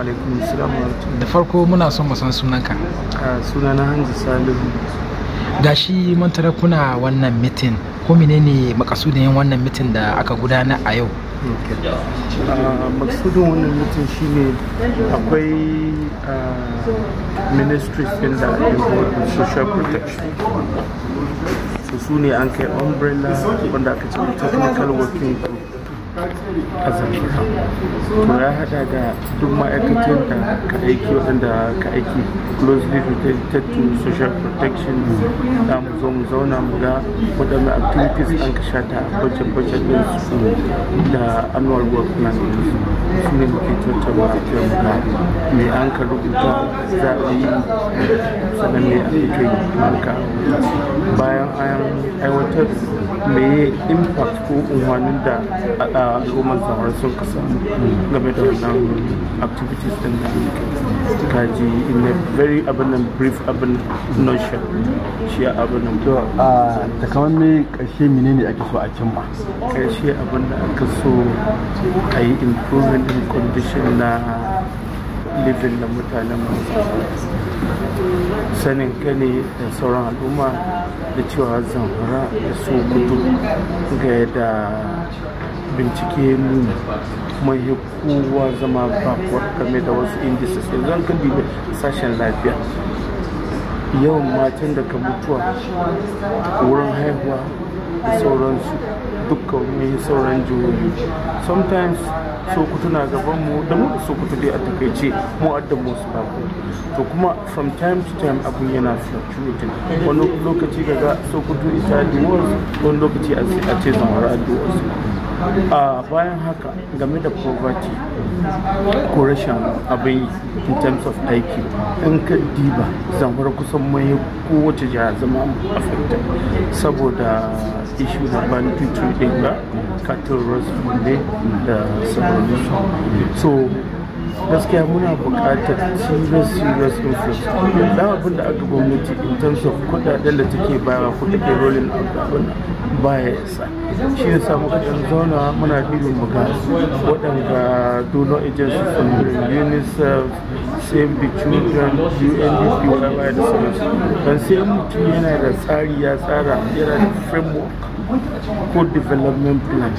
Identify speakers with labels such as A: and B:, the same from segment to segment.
A: alaikum salam da farko muna son mu san sunanka ah, suna na hanzu salihu gashi mun tare kuna wannan mitin ko menene makasudin yin wannan mitin da aka gudana a yau ah, makasudin wannan mitin shine akwai ah, ministry din da social protection su ne an kai umbrella wanda aka ce technical working group a zamfara to ya hada da duk ma'aikatan da ka aiki waɗanda ka aiki closely related to social protection da mu zo mu zauna mu ga waɗanda activities an ka shata a budget budget din su da annual work plan su ne muke a kai mu ga me an ka rubuta za a yi suddenly a cikin mulka bayan an aiwatar meye impact ko unwanin da al'ummar zawar sun kasa game da wannan activities din da kaji in a very abin brief abin notion shi abin to a takamamme karshe menene ake so a cimma karshe abin da aka so a yi improvement in condition na livin mutanen sanin ka ne da sauran al'umma da cewa zamfara da su gudu ga yadda bincike nuna kuma ya kowa zama bakwar game da wasu indices zan ka dubi sashen lafiya yawan matan da ka mutuwa wurin haihuwa da sauransu dukkan wani sauran jihohi sometimes sokoto na gaban mu da mu so sokoto dai a takaice mu adda su ba to kuma from time to time abun yana fluctuating wani lokaci daga sokoto ita a wani lokaci a ce zamara a a bayan haka game da poverty ko rashin abin in terms of aiki in ka diba zamar kusan mai kowace jiha zama afirka saboda ishu da banditry din ba cattle rust ne da so gaskiya muna buƙatar serious serious interest da abin da aka gwamnati in terms of kudaden da take bayarwa ko take rolling out abin isa shi ya samu kadan zauna muna bibin mu ga waɗanda donor agencies from unicef save the children undp whatever da sauransu don sai mutum yana da tsari ya tsara yana da framework ko development plan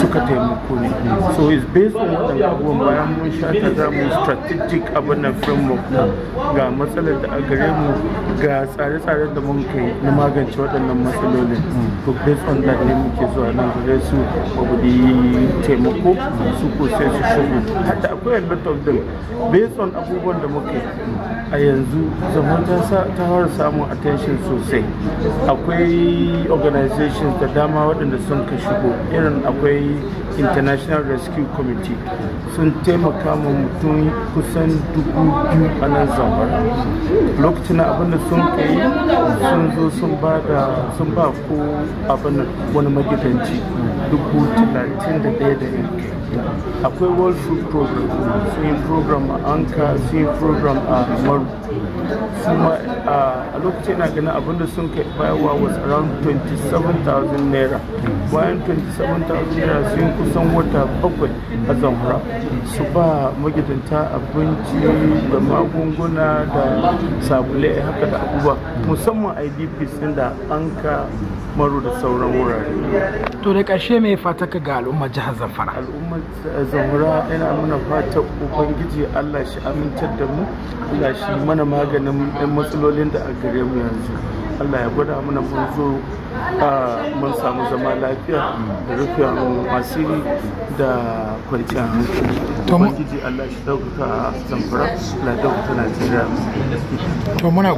A: suka taimako ne so it's based so abubuwan bayan mun shata za mu strategic abin nan framework ga matsalar da a gare mu ga tsare tsare da mun kai na magance waɗannan matsalolin to based on that ne muke zuwa nan gare su yi taimako su ko sai su shigo hatta akwai lot of them based on abubuwan da muka a yanzu zaman ta fara samun attention sosai akwai organizations da dama waɗanda sun ka shigo irin akwai international rescue committee sun taimaka ma mutum kusan dubu biyu a nan zamfara lokacin abinda sun kai sun zo sun ba da sun ba ko abin wani magidanci dubu talatin da ɗaya da yanki akwai world food program sun yi program a anka sun yi program a maru kuma a lokacin na ganin abinda sun kai bayarwa was around 27,000 naira bayan 27,000 naira sun kusan wata bakwai a zamfara su ba magidanta abinci da magunguna da sabulai haka da abubuwa musamman idp sun da an ka maro da sauran wurare to da ƙarshe mai fata ka ga al'ummar jihar zamfara al'ummar eh, zamfara yana muna fata ubangiji allah shi amintar da mu allah shi mana maganin yan matsalolin da a gare mu yanzu allah ya gwada mana mun zo mun samu zama lafiya da rufiya asiri da kwanciyar hankali ubangiji allah shi dauka zamfara la dauka najeriya to muna